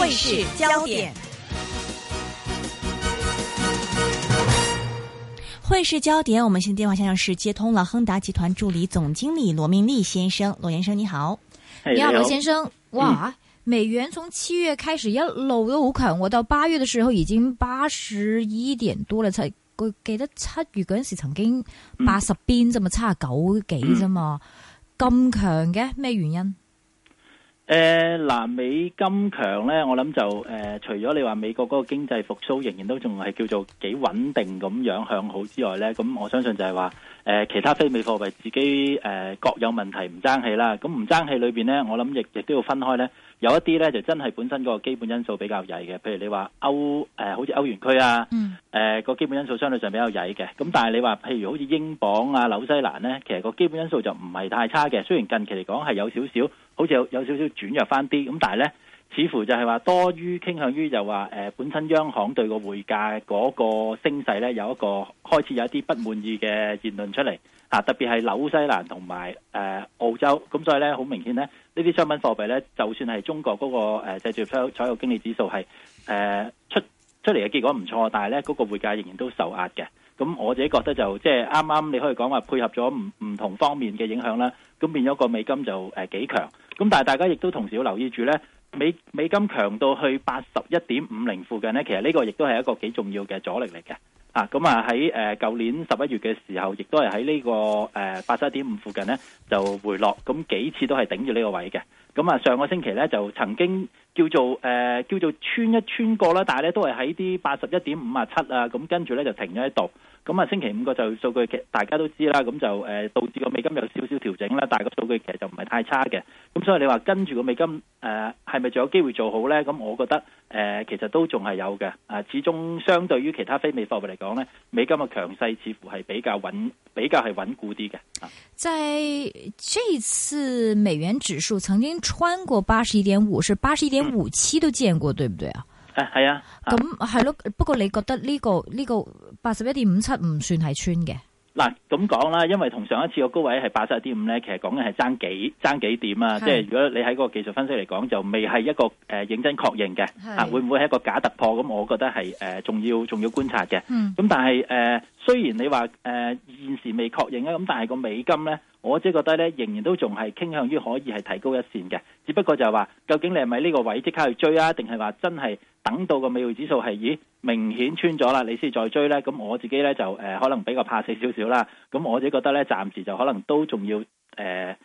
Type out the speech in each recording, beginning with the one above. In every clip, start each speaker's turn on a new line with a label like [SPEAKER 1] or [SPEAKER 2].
[SPEAKER 1] 匯市焦點，匯市焦點，我們現在電話向上是接通了亨達集團助理總經理羅明立先生，羅先生你好，hey，你好羅先生，哇，嗯、美元從七月開始一路都好強，我到八月的時候已經八十一點多了，才佢記得七月陣時曾經八十邊啫嘛，差九幾啫嘛，咁、嗯嗯、強嘅咩原因？
[SPEAKER 2] 誒南、呃、美金強咧，我諗就誒、呃，除咗你話美國嗰個經濟復甦仍然都仲係叫做幾穩定咁樣向好之外咧，咁我相信就係話，誒、呃、其他非美貨幣自己誒、呃、各有問題唔爭氣啦，咁唔爭氣裏邊呢，我諗亦亦都要分開呢有一啲呢，就真係本身個基本因素比較曳嘅，譬如你話歐誒、呃、好似歐元區啊，誒、呃、個基本因素相對上比較曳嘅，咁但係你話譬如好似英鎊啊、紐西蘭呢，其實個基本因素就唔係太差嘅，雖然近期嚟講係有少少好似有有少少轉弱翻啲，咁但係呢。似乎就係話多於傾向於，就話誒本身央行對會個匯價嗰個升勢咧有一個開始有一啲不滿意嘅言論出嚟嚇，特別係紐西蘭同埋誒澳洲咁，所以咧好明顯咧呢啲商品貨幣咧，就算係中國嗰個誒製造業採採購經理指數係誒出出嚟嘅結果唔錯，但係咧嗰個匯價仍然都受壓嘅。咁我自己覺得就即係啱啱你可以講話配合咗唔唔同方面嘅影響啦，咁變咗個美金就誒幾強咁，但係大家亦都同時要留意住咧。美美金強到去八十一點五零附近咧，其實呢個亦都係一個幾重要嘅阻力嚟嘅。啊，咁啊喺誒舊年十一月嘅時候，亦都係喺呢個誒八十一點五附近咧，就回落，咁幾次都係頂住呢個位嘅。咁啊，上個星期咧就曾經叫做誒、呃、叫做穿一穿過啦，但係咧都係喺啲八十一點五啊七啊，咁跟住咧就停咗喺度。咁、嗯、啊，星期五個就數據，其實大家都知啦，咁、嗯、就誒、呃、導致個美金有少少調整啦，但係個數據其實就唔係太差嘅。咁、嗯、所以你話跟住個美金誒係咪仲有機會做好咧？咁、嗯、我覺得誒、呃、其實都仲係有嘅。啊，始終相對於其他非美貨幣嚟講咧，美金嘅強勢似乎係比較穩，比較係穩固啲嘅。
[SPEAKER 1] 喺、啊、呢次美元指數曾經，穿過八十一點五是八十一點五七都見過，對唔對啊？誒，
[SPEAKER 2] 係 啊。咁
[SPEAKER 1] 係咯，不過你覺得呢個呢個八十一點五七唔算係穿嘅？
[SPEAKER 2] 咁講啦，因為同上一次個高位係八十一點五咧，其實講緊係爭幾爭幾點啊！是即係如果你喺個技術分析嚟講，就未係一個誒、呃、認真確認嘅嚇是、啊，會唔會係一個假突破？咁我覺得係誒、呃、重要重要觀察嘅。咁、嗯、但係誒、呃、雖然你話誒、呃、現時未確認啊，咁但係個美金咧，我即係覺得咧，仍然都仲係傾向於可以係提高一線嘅。只不過就係話，究竟你係咪喺呢個位即刻去追啊？定係話真係等到個美匯指數係？明顯穿咗啦，你先再追呢，咁我自己呢，就、呃、誒可能比較怕死少少啦。咁我自己覺得呢，暫時就可能都仲要誒、呃、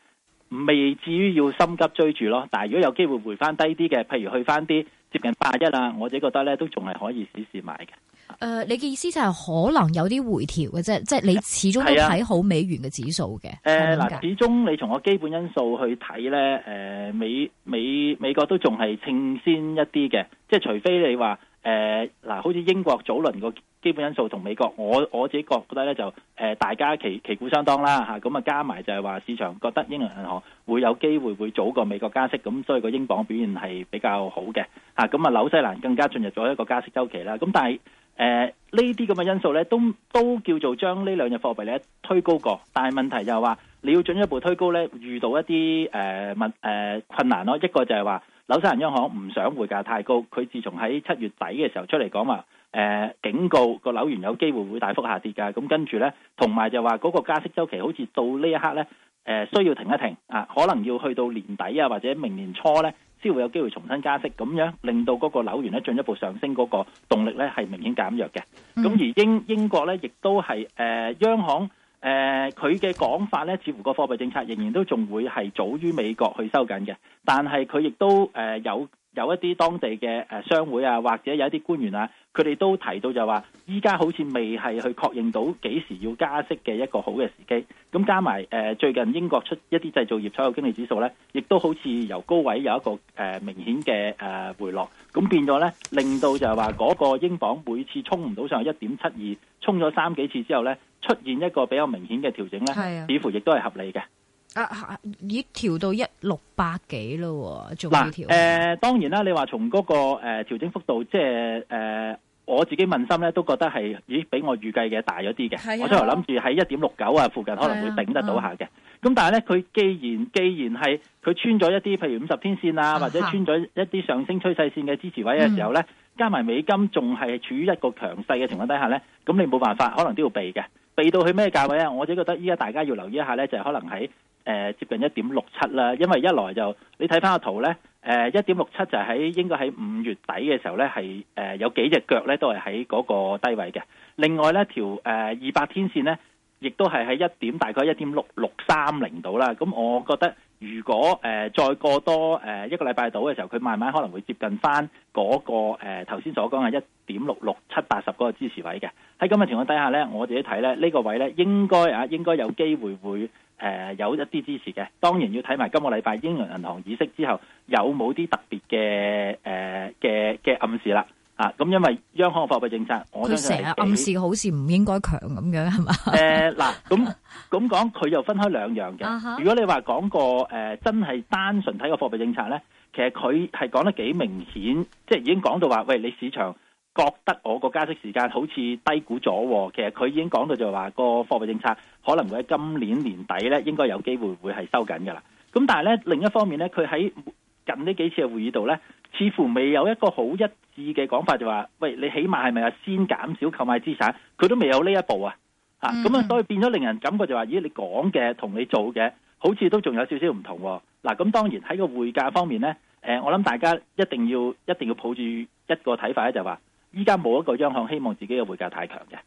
[SPEAKER 2] 未至於要心急追住咯。但係如果有機會回翻低啲嘅，譬如去翻啲接近八一啦，我自己覺得呢，都仲係可以試試買嘅。誒、
[SPEAKER 1] 呃，你嘅意思就係可能有啲回調嘅啫，即係你始終都睇好美元嘅指數嘅。誒嗱、呃呃，始
[SPEAKER 2] 終你從個基本因素去睇呢，誒、呃、美美美，美國都仲係稱先一啲嘅，即係除非你話。誒嗱、呃，好似英國早輪個基本因素同美國，我我自己覺覺得咧就誒、呃，大家旗旗鼓相當啦嚇，咁啊加埋就係話市場覺得英倫銀行會有機會會早過美國加息，咁所以個英鎊表現係比較好嘅嚇，咁啊，啊紐西蘭更加進入咗一個加息周期啦，咁、啊、但係誒呢啲咁嘅因素咧，都都叫做將呢兩隻貨幣咧推高過，但係問題就係話你要進一步推高咧，遇到一啲誒問誒困難咯，一個就係話。紐西蘭央行唔想匯價太高，佢自從喺七月底嘅時候出嚟講話，誒、呃、警告個樓源有機會會大幅下跌㗎。咁跟住呢，同埋就話嗰個加息周期好似到呢一刻呢，誒、呃、需要停一停啊，可能要去到年底啊或者明年初呢，先會有機會重新加息，咁樣令到嗰個樓源咧進一步上升嗰個動力咧係明顯減弱嘅。咁而英英國呢，亦都係誒、呃、央行。誒，佢嘅講法咧，似乎個貨幣政策仍然都仲會係早於美國去收緊嘅，但係佢亦都誒有。有一啲當地嘅誒商會啊，或者有一啲官員啊，佢哋都提到就話，依家好似未係去確認到幾時要加息嘅一個好嘅時機。咁加埋誒、呃、最近英國出一啲製造業採購經理指數咧，亦都好似由高位有一個誒、呃、明顯嘅誒回落。咁變咗咧，令到就係話嗰個英鎊每次衝唔到上一點七二，衝咗三幾次之後咧，出現一個比較明顯嘅調整咧，似乎亦都係合理嘅。
[SPEAKER 1] 啊！已調到一六百幾咯，仲要調？
[SPEAKER 2] 呃、當然啦，你話從嗰、那個誒、呃、調整幅度，即係誒、呃、我自己問心咧，都覺得係咦，比我預計嘅大咗啲嘅。啊、我初頭諗住喺一點六九啊附近可能會頂得到下嘅，咁、啊啊、但係咧，佢既然既然係佢穿咗一啲譬如五十天線啊，或者穿咗一啲上升趨勢線嘅支持位嘅時候咧，啊、哈加埋美金仲係處於一個強勢嘅情況底下咧，咁你冇辦法，可能都要避嘅。避到去咩價位啊？我自己覺得依家大家要留意一下呢，就係、是、可能喺誒、呃、接近一點六七啦，因為一來就你睇翻個圖呢，誒一點六七就係喺應該喺五月底嘅時候呢，係誒、呃、有幾隻腳呢都係喺嗰個低位嘅。另外呢條誒二百天線呢，亦都係喺一點大概一點六六三零度啦。咁、嗯、我覺得。如果誒、呃、再過多誒、呃、一個禮拜度嘅時候，佢慢慢可能會接近翻嗰、那個誒頭先所講嘅一點六六七八十個支持位嘅。喺咁嘅情況底下呢，我自己睇咧呢、這個位呢，應該啊應該有機會會誒、呃、有一啲支持嘅。當然要睇埋今個禮拜英倫銀行議息之後有冇啲特別嘅誒嘅嘅暗示啦。啊，咁因為央行嘅貨幣政策，佢成日暗示
[SPEAKER 1] 好似唔應該強咁樣，係嘛？
[SPEAKER 2] 誒，嗱，咁咁講，佢又分開兩樣嘅。Uh huh. 如果你話講個誒，真係單純睇個貨幣政策咧，其實佢係講得幾明顯，即係已經講到話，喂，你市場覺得我個加息時間好似低估咗，其實佢已經講到就話個貨幣政策可能會喺今年年底咧，應該有機會會係收緊噶啦。咁但係咧，另一方面咧，佢喺近呢幾次嘅會議度呢，似乎未有一個好一致嘅講法，就話、是：，喂，你起碼係咪啊？先減少購買資產，佢都未有呢一步啊！嚇、啊，咁啊、嗯嗯，所以變咗令人感覺就話、是：，咦，你講嘅同你做嘅，好似都仲有少少唔同、啊。嗱、啊，咁當然喺個匯價方面呢，誒、呃，我諗大家一定要一定要抱住一個睇法咧，就話：，依家冇一個央行希望自己嘅匯價太強嘅。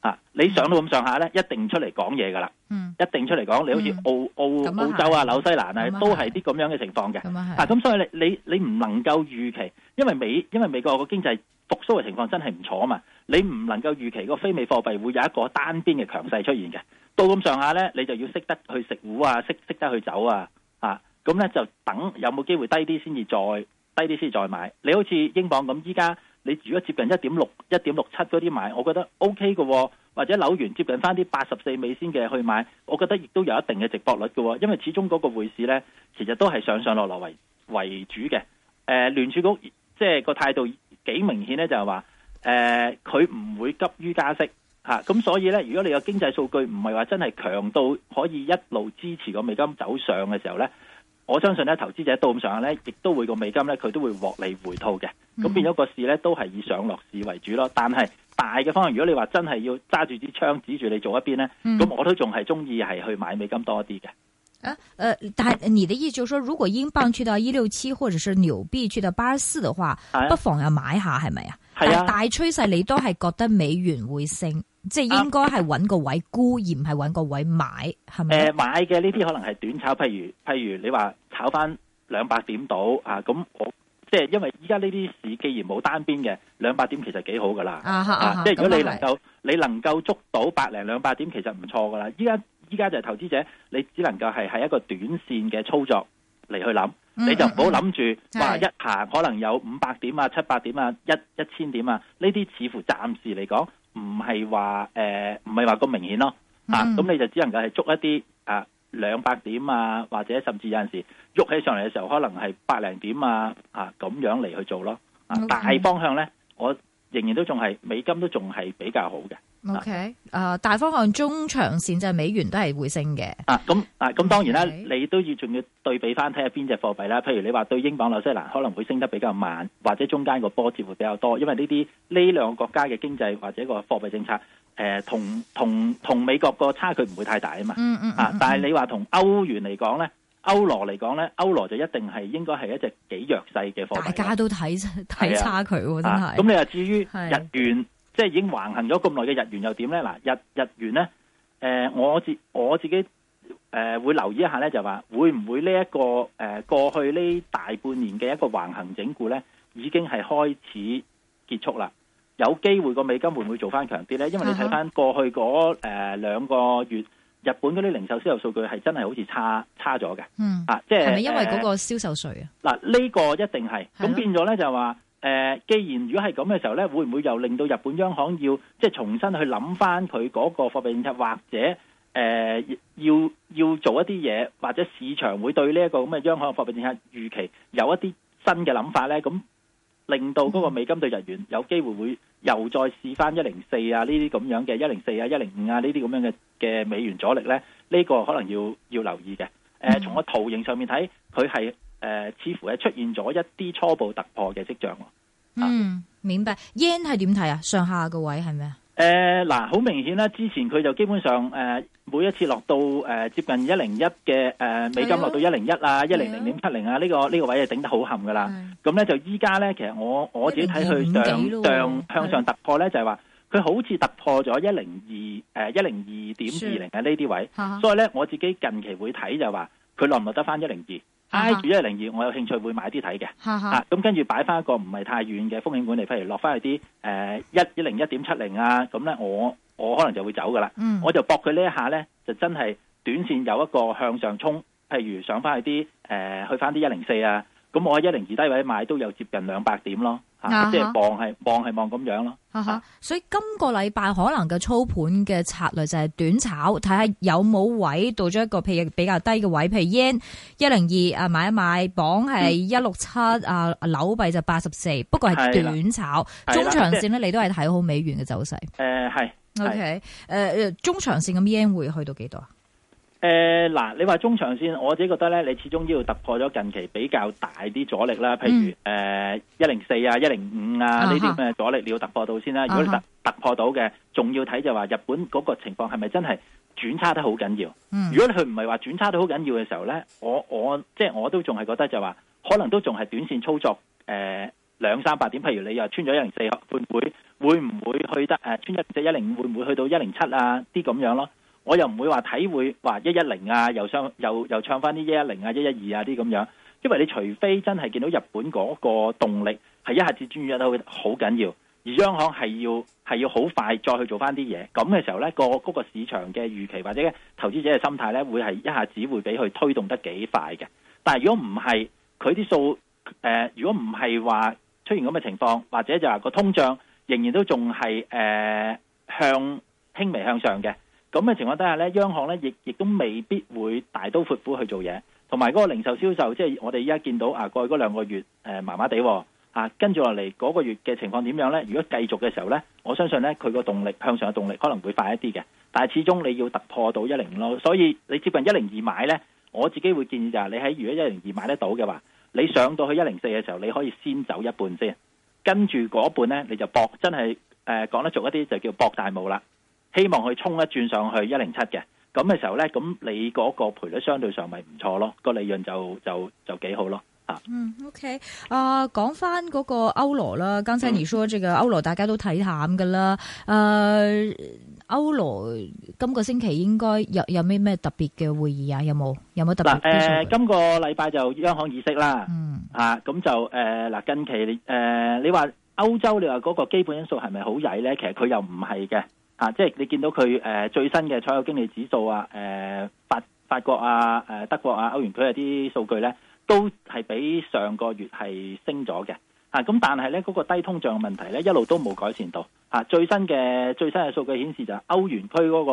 [SPEAKER 2] 啊！你上到咁上下咧，一定出嚟講嘢噶啦，嗯、一定出嚟講，你好似澳澳、嗯、澳洲啊、紐西蘭啊，嗯、都係啲咁樣嘅情況嘅。咁、嗯嗯嗯、啊咁所以你你你唔能夠預期，因為美因為美國個經濟複蘇嘅情況真係唔錯啊嘛，你唔能夠預期個非美貨幣會有一個單邊嘅強勢出現嘅。到咁上下咧，你就要識得去食糊啊，識識得去走啊。啊，咁、啊、咧、嗯嗯、就等有冇機會低啲先至再低啲先至再買。你好似英鎊咁，依家。你如果接近一點六、一點六七嗰啲買，我覺得 OK 嘅、哦；或者紐元接近翻啲八十四美仙嘅去買，我覺得亦都有一定嘅值博率嘅、哦。因為始終嗰個匯市呢，其實都係上上落落為為主嘅。誒、呃、聯儲局即係、就是、個態度幾明顯呢，就係話誒佢唔會急於加息嚇。咁、啊、所以呢，如果你個經濟數據唔係話真係強到可以一路支持個美金走上嘅時候呢。我相信咧，投資者到咁上下咧，亦都會個美金咧，佢都會獲利回吐嘅，咁變咗個市咧都係以上落市為主咯。但係大嘅方向，如果你話真係要揸住支槍指住你做一邊咧，咁、嗯、我都仲係中意係去買美金多啲嘅。
[SPEAKER 1] 啊，誒、呃，但係你的意思就係說，如果英鎊去到一六七，或者是紐幣去到八十四的話，啊、不妨又
[SPEAKER 2] 買下係咪啊？係啊，大
[SPEAKER 1] 趨勢你都係覺得美元會升。即係應該係揾個位沽而唔係揾個位買，係咪？誒，
[SPEAKER 2] 買嘅呢啲可能係短炒，譬如譬如你話炒翻兩百點到啊，咁我即係因為依家呢啲市既然冇單邊嘅兩百點其實幾好噶啦，啊即係如果你能夠你能夠捉到百零兩百點其實唔錯噶啦。依家依家就係投資者，你只能夠係喺一個短線嘅操作嚟去諗，你就唔好諗住話一行可能有五百點啊、七百點啊、一一千點啊，呢啲似乎暫時嚟講。唔係話誒，唔係話咁明顯咯，吓咁，嗯，啊，你就只能夠係捉一啲啊兩百點啊，或者甚至有陣時喐起上嚟嘅時候，可能係百零點啊吓，啊，咁樣嚟去做咯，
[SPEAKER 1] 啊 Okay. 大方
[SPEAKER 2] 向咧我。仍然都仲係美金都仲係比較好嘅。
[SPEAKER 1] OK，啊，大方向中長線就係、是、美元都係會升嘅、
[SPEAKER 2] 啊。啊，咁啊，咁當然啦，你都要仲要對比翻睇下邊隻貨幣啦。譬如你話對英鎊、紐西蘭可能會升得比較慢，或者中間個波折會比較多，因為呢啲呢兩個國家嘅經濟或者個貨幣政策誒，同同同美國個差距唔會太大啊嘛。嗯嗯,嗯啊，但係你話同歐元嚟講咧。歐羅嚟講呢，歐羅就一定係應該係一隻幾弱勢嘅貨幣，大家都睇睇差距真係、啊。咁、啊、你話至於日元，是是啊、即係已經橫行咗咁耐嘅日元又點呢？嗱，日日元呢，誒、呃，我自我自己誒、呃、會留意一下呢，就話、是、會唔會呢、這、一個誒、呃、過去呢大半年嘅一個橫行整固呢，已經係開始結束啦。有機會個美金會唔會做翻強啲呢？因為你睇翻過去嗰誒兩個月。日本嗰啲零售銷售數據係真係好似差差咗嘅，嗯、啊，即係係咪因為嗰個銷售稅啊？嗱、呃，呢個一定係，咁變咗咧就話，誒、呃，既然如果係咁嘅時候咧，會唔會又令到日本央行要即係重新去諗翻佢嗰個貨幣政策，或者誒、呃、要要做一啲嘢，或者市場會對呢一個咁嘅央行貨幣政策預期有一啲新嘅諗法咧？咁、嗯？令到嗰個美金對日元有機會會又再試翻一零四啊，呢啲咁樣嘅一零四啊、一零五啊呢啲咁樣嘅嘅美元阻力咧，呢、這個可能要要留意嘅。誒、呃，從個圖形上面睇，佢係誒似乎係出現咗一啲初步突破嘅跡象。嗯，啊、
[SPEAKER 1] 明白。yen 係點睇啊？上下個位係咩啊？
[SPEAKER 2] 誒，嗱、呃，好明顯啦、啊，之前佢就基本上，誒、呃，每一次落到誒、呃、接近一零一嘅，誒、呃，美金落到一零一啊，一零零點七零啊，呢、啊呢個呢、呢個位就頂得好冚噶啦。咁咧、啊、就依家咧，其實我我自己睇佢上上向上突破咧，啊、就係話佢好似突破咗一零二，誒，一零二點二零嘅呢啲位。所以咧，我自己近期會睇就係話，佢落唔落得返一零二？挨住一零二，我有興趣會買啲睇嘅，啊，咁跟住擺翻一個唔係太遠嘅風險管理，譬如落翻去啲誒一一零一點七零啊，咁咧我我可能就會走噶啦，嗯、我就搏佢呢一下咧，就真係短線有一個向上衝，譬如上翻去啲誒、呃、去翻啲一零四啊，咁我喺一零二低位買都有接近兩百點咯。即係磅係磅係磅咁樣咯。啊
[SPEAKER 1] 哈！啊哈啊，所以今個禮拜可能嘅操盤嘅策略就係短炒，睇下有冇位到咗一個譬如比較低嘅位，譬如 yen，一零二啊，買一買磅係一六七啊，紐幣就八十四，不過係短炒。中長線咧，你都係睇好美元嘅走勢。
[SPEAKER 2] 誒係。OK，誒，
[SPEAKER 1] 中長線咁 yen 會去到幾多啊？
[SPEAKER 2] 誒，嗱、呃，你話中長線，我自己覺得咧，你始終要突破咗近期比較大啲阻力啦，譬如誒一零四啊、一零五啊呢啲咩阻力，你要突破到先啦。啊、哈如果你突，突破到嘅，仲要睇就話日本嗰個情況係咪真係轉差得好緊要？嗯、如果佢唔係話轉差得好緊要嘅時候咧，我我即係我都仲係覺得就話可能都仲係短線操作誒兩三百點，譬如你又穿咗一零四，會唔會會唔會去得誒穿一只一零五，會唔會去到一零七啊啲咁樣咯？我又唔會話體會話一一零啊，又唱又又唱翻啲一一零啊、一一二啊啲咁樣，因為你除非真係見到日本嗰個動力係一下子轉咗，到好緊要，而央行係要係要好快再去做翻啲嘢，咁嘅時候呢，個嗰個市場嘅預期或者投資者嘅心態呢，會係一下子會俾佢推動得幾快嘅。但係、呃、如果唔係佢啲數，誒如果唔係話出現咁嘅情況，或者就話個通脹仍然都仲係誒向輕微向上嘅。咁嘅情況底下咧，央行咧亦亦都未必會大刀闊斧，斧去做嘢，同埋嗰個零售銷售，即係我哋而家見到啊，過去嗰兩個月誒麻麻地喎，啊跟住落嚟嗰個月嘅情況點樣咧？如果繼續嘅時候咧，我相信咧佢個動力向上嘅動力可能會快一啲嘅，但係始終你要突破到一零五咯，所以你接近一零二買咧，我自己會建議就係、是、你喺如果一零二買得到嘅話，你上到去一零四嘅時候，你可以先走一半先，跟住嗰半咧你就搏真係誒、呃、講得俗一啲就叫搏大霧啦。希望佢衝一轉上去一零七嘅咁嘅時候咧，咁你嗰個賠率相對上咪唔錯咯，個利潤就就就幾好咯，
[SPEAKER 1] 吓。嗯，OK，啊，講翻嗰個歐羅啦，剛才你說這個歐羅大家都睇淡噶啦，誒，歐羅今個星期應該有有咩咩特別嘅會議啊？有冇？有冇特別？誒，
[SPEAKER 2] 今個禮拜就央行議息啦。嗯，吓，咁就誒嗱，近期誒，你話歐洲你話嗰個基本因素係咪好曳咧？其實佢又唔係嘅。啊，即係你見到佢誒最新嘅採購經理指數啊，誒、呃、法法國啊，誒德國啊，歐元區啊啲數據呢，都係比上個月係升咗嘅。啊，咁但係呢嗰、嗰個低通脹嘅問題呢，一路都冇改善到。啊，最新嘅最新嘅數據顯示就係歐元區嗰、嗰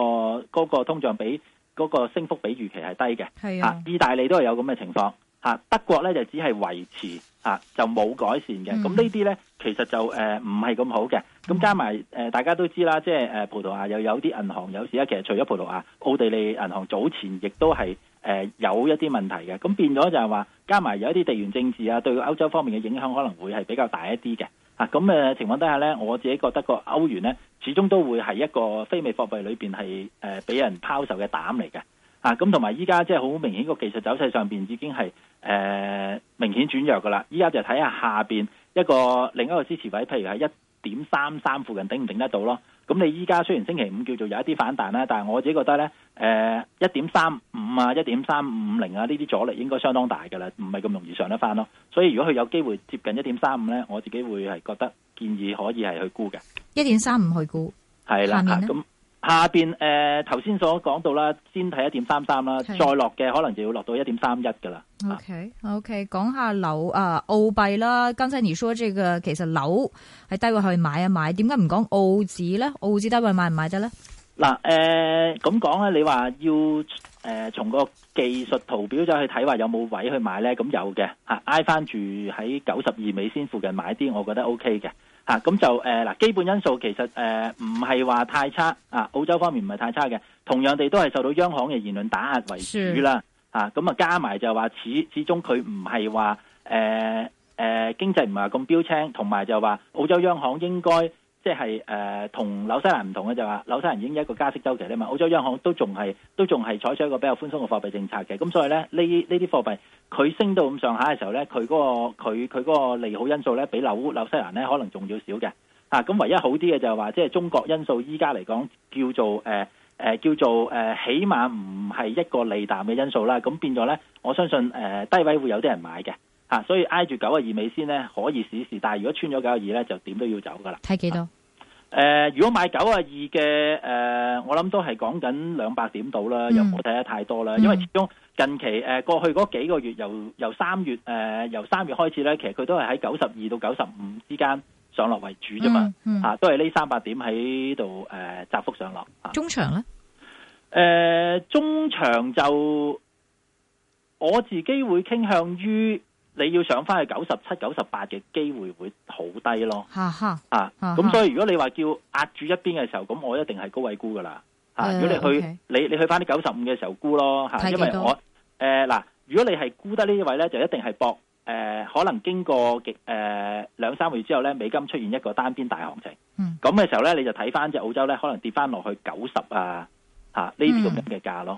[SPEAKER 2] 個嗰個通脹比嗰、嗰個升幅比預期係低嘅。係、啊啊、意大利都係有咁嘅情況。嚇、啊，德國呢就只係維持。啊，就冇改善嘅，咁呢啲呢，其實就誒唔係咁好嘅，咁加埋誒、呃，大家都知啦，即係誒、呃、葡萄牙又有啲銀行有事啦，其實除咗葡萄牙，奧地利銀行早前亦都係誒有一啲問題嘅，咁變咗就係話加埋有一啲地緣政治啊，對歐洲方面嘅影響可能會係比較大一啲嘅，啊，咁誒、呃、情況底下呢，我自己覺得個歐元呢，始終都會係一個非美貨幣裏邊係誒俾人拋售嘅膽嚟嘅，啊，咁同埋依家即係好明顯個技術走勢上邊已經係。誒、呃，明顯轉弱噶啦，依家就睇下下邊一個另一個支持位，譬如係一點三三附近頂唔頂得到咯。咁你依家雖然星期五叫做有一啲反彈啦，但係我自己覺得呢誒，一點三五啊，一點三五零啊，呢啲阻力應該相當大噶啦，唔係咁容易上得翻咯。所以如果佢有機會接近一點三五咧，我自己會係覺得建議可以係去沽嘅，
[SPEAKER 1] 一點三五去沽，
[SPEAKER 2] 係啦咁。下邊誒頭先所講到啦，先睇一點三三啦，再落嘅可能就要落到一點三一噶啦。OK
[SPEAKER 1] OK，講下樓啊澳幣啦。剛才你說這個其實樓係低位去買啊買，點解唔講澳紙咧？澳紙低位買唔買得咧？
[SPEAKER 2] 嗱誒咁講咧，你話要誒、呃、從個技術圖表走去睇，話有冇位去買咧？咁有嘅嚇，挨、啊、翻住喺九十二美仙附近買啲，我覺得 OK 嘅。啊，咁就誒嗱、呃，基本因素其實誒唔係話太差啊，澳洲方面唔係太差嘅，同樣地都係受到央行嘅言論打壓為主啦。啊，咁啊加埋就係話，始始終佢唔係話誒誒經濟唔係話咁標青，同埋就話澳洲央行應該。即係誒同紐西蘭唔同嘅就話紐西蘭已經一個加息周期啦嘛，澳洲央行都仲係都仲係採取一個比較寬鬆嘅貨幣政策嘅，咁所以咧呢呢啲貨幣佢升到咁上下嘅時候咧，佢嗰個佢佢嗰個利好因素咧，比紐紐西蘭咧可能仲要少嘅，啊，咁唯一好啲嘅就係話即係中國因素依家嚟講叫做誒誒、呃、叫做誒、呃、起碼唔係一個利淡嘅因素啦，咁變咗咧我相信誒、呃、低位會有啲人買嘅。吓、啊，所以挨住九啊二尾先咧，可以試一試。但係如果穿咗九啊二咧，就點都要走噶啦。睇幾多？誒、啊呃，如果買九啊二嘅誒，我諗都係講緊兩百點到啦。嗯、又唔好睇得太多啦，嗯、因為始終近期誒、呃、過去嗰幾個月，由由三月誒、呃、由三月開始咧，其實佢都係喺九十二到九十五之間上落為主啫嘛。吓、嗯嗯啊，都係呢三百點喺度誒窄幅上落。
[SPEAKER 1] 啊、中場咧？
[SPEAKER 2] 誒、啊，中場就我自己會傾向於。你要上翻去九十七、九十八嘅機會會好低咯，啊！咁所以如果你話叫壓住一邊嘅時候，咁我一定係高位沽噶啦，嚇！如果你去你你去翻啲九十五嘅時候沽咯，嚇！因為我誒嗱，如果你係沽得呢一位咧，就一定係搏。誒可能經過嘅誒兩三個月之後咧，美金出現一個單邊大行情，嗯，咁嘅時候咧，你就睇翻隻澳洲咧，可能跌翻落去九十啊，嚇呢啲咁樣嘅價咯。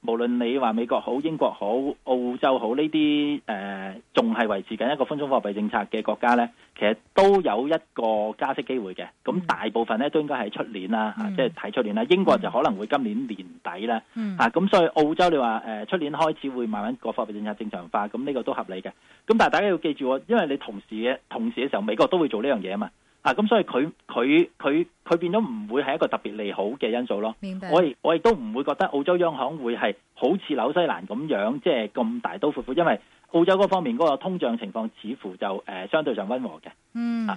[SPEAKER 2] 無論你話美國好、英國好、澳洲好呢啲，誒仲係維持緊一個寬鬆貨幣政策嘅國家呢，其實都有一個加息機會嘅。咁大部分呢都應該係出年啦，吓，即係睇出年啦。英國就可能會今年年底啦，吓、啊、咁所以澳洲你話誒出年開始會慢慢個貨幣政策正常化，咁呢個都合理嘅。咁但係大家要記住，因為你同時嘅同時嘅時候，美國都會做呢樣嘢啊嘛。啊！咁所以佢佢佢佢變咗唔會係一個特別利好嘅因素咯。明白。我亦我亦都唔會覺得澳洲央行會係好似紐西蘭咁樣，即係咁大刀闊斧，因為澳洲嗰方面嗰個通脹情況似乎就誒、呃、相對上温和嘅、嗯。
[SPEAKER 1] 嗯嗯。啊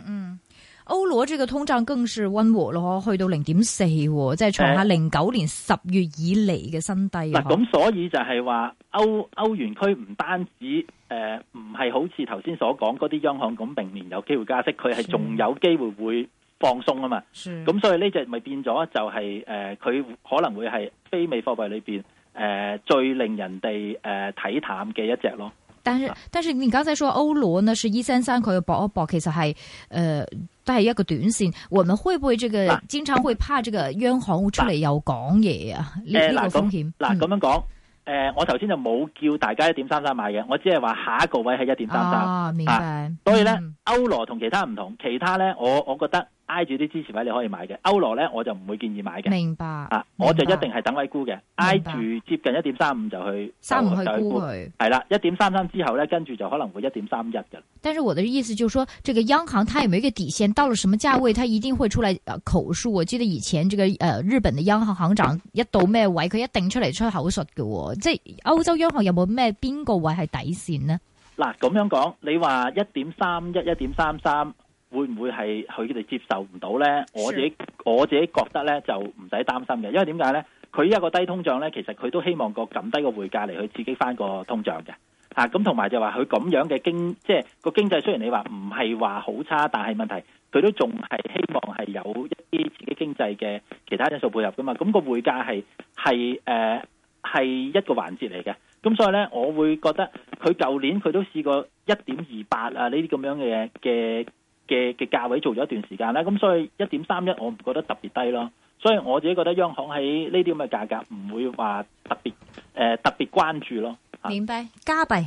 [SPEAKER 1] 歐羅呢個通脹更是溫和咯，去到零點四，即係創下零九年十月以嚟嘅新低。嗱、呃，咁
[SPEAKER 2] 所以就係話歐歐元區唔單止誒，唔、呃、係好似頭先所講嗰啲央行咁明年有機會加息，佢係仲有機會會放鬆啊嘛。咁是所以呢隻咪變咗就係、是、誒，佢、呃、可能會係非美貨幣裏邊誒、呃、最令人哋誒睇淡嘅一隻咯。
[SPEAKER 1] 但是、啊、但是你剛才說歐羅呢是一三三佢嘅搏一搏其實係，誒、呃，都係一個短線，我們會不會這個經常會怕這個央行出嚟又講嘢啊？呢、呃、個風險？
[SPEAKER 2] 嗱咁、呃、樣講，誒、嗯呃，我頭先就冇叫大家一點三三買嘅，我只係話下一個位係一點三三，明白。啊、所以咧，嗯、歐羅同其他唔同，其他咧，我我，我覺得。挨住啲支持位你可以買嘅，歐羅呢，我就唔會建議買嘅。明白啊，我就一定係等位沽嘅，明白。挨住接近一點三五就去三五去沽去，係啦，一點三三之後呢，跟住就可能會一點三一嘅。
[SPEAKER 1] 但是我的意思就是說，這個央行它有冇一個底線？到了什麼價位，它一定會出來口述。我記得以前這個、呃、日本的央行行長一到咩位，佢一定出嚟出口術嘅、哦。即係歐洲央行有冇咩邊個位係底線呢？
[SPEAKER 2] 嗱，咁樣講，你話一點三一、一點三三。會唔會係佢哋接受唔到呢？的我自己我自己覺得呢，就唔使擔心嘅。因為點解呢？佢一個低通脹呢，其實佢都希望個咁低嘅匯價嚟去刺激翻個通脹嘅吓。咁同埋就話佢咁樣嘅經，即係個經濟雖然你話唔係話好差，但係問題佢都仲係希望係有一啲自己經濟嘅其他因素配合噶嘛。咁個匯價係係、呃、係一個環節嚟嘅。咁所以呢，我會覺得佢舊年佢都試過一點二八啊呢啲咁樣嘅嘅。嘅嘅價位做咗一段時間啦，咁所以一點三一我唔覺得特別低咯，所以我自己覺得央行喺呢啲咁嘅價格唔會話特別誒、呃、特別關注咯。
[SPEAKER 1] 明白、啊、幣加幣、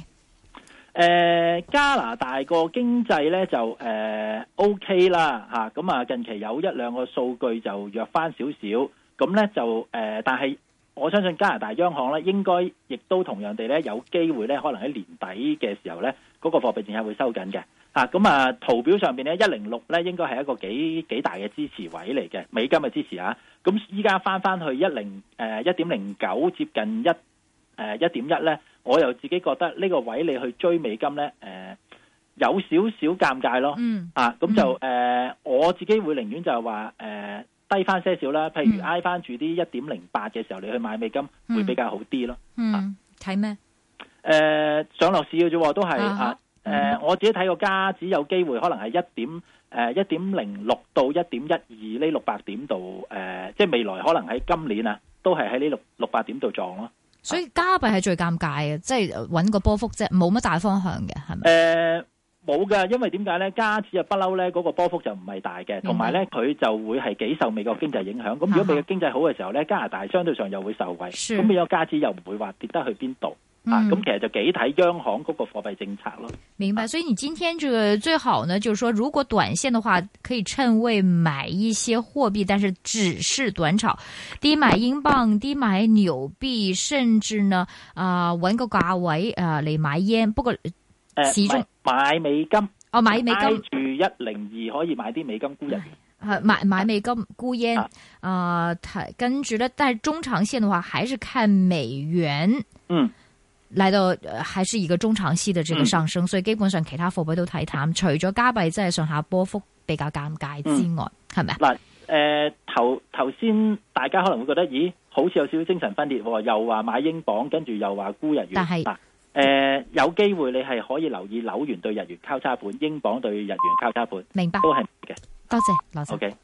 [SPEAKER 2] 呃，加拿大個經濟呢就誒、呃、OK 啦吓，咁啊近期有一兩個數據就弱返少少，咁呢就誒、呃，但係我相信加拿大央行呢應該亦都同樣地呢，有機會呢，可能喺年底嘅時候呢，嗰、那個貨幣政策會收緊嘅。啊，咁啊，圖表上面咧一零六咧應該係一個幾幾大嘅支持位嚟嘅美金嘅支持啊。咁依家翻翻去一零誒一點零九接近一誒一點一咧，我又自己覺得呢個位你去追美金咧誒、呃、有少少尷尬咯。嗯、啊，咁就誒、呃、我自己會寧願就係話誒低翻些少啦。譬如挨翻住啲一點零八嘅時候你去買美金會比較好啲咯嗯。嗯，睇咩、啊？誒、啊，上落市嘅啫，都係啊。啊誒，我自己睇過加指有機會可能係一點誒，一點零六到一點一二呢六百點度誒，即係未來可能喺今年啊，都係喺呢六六百點度撞咯。
[SPEAKER 1] 所以加幣係最尷尬嘅，即係搵個波幅啫，冇乜大方向嘅，係
[SPEAKER 2] 咪？誒，冇噶，因為點解咧？加指啊，不嬲咧，嗰個波幅就唔係大嘅，同埋咧，佢就會係幾受美國經濟影響。咁如果美國經濟好嘅時候咧，加拿大相對上又會受惠。咁呢個加指又唔會話跌得去邊度？啊，咁其實就幾睇央行嗰個貨幣政策咯。
[SPEAKER 1] 明白，所以你今天就最好呢，就是說如果短線的話，可以趁位買一些貨幣，但是只是短炒，低買英鎊、低買紐幣，甚至呢，啊、呃，揾個價位啊嚟、呃、買煙。不過，始終、
[SPEAKER 2] 呃、買，買美金，哦，買美金，挨住一零二可以買啲美金沽人，係
[SPEAKER 1] 買買美金沽煙啊，啊，睇、呃、跟住咧，但係中長線嘅話，還是看美元，嗯。嚟到還是一個中長期嘅這個上升，嗯、所以基本上其他貨幣都睇淡，除咗加幣真係上下波幅比較尷尬之外，
[SPEAKER 2] 係咪、嗯？嗱吧，誒、呃，頭頭先大家可能會覺得，咦，好似有少少精神分裂，又話買英鎊，跟住又話沽日元。但係是嗱，誒、呃呃，有機會你係可以留意紐元對日元交叉盤，英鎊對日元交叉盤，明白？都係嘅，
[SPEAKER 1] 多謝多
[SPEAKER 2] 謝。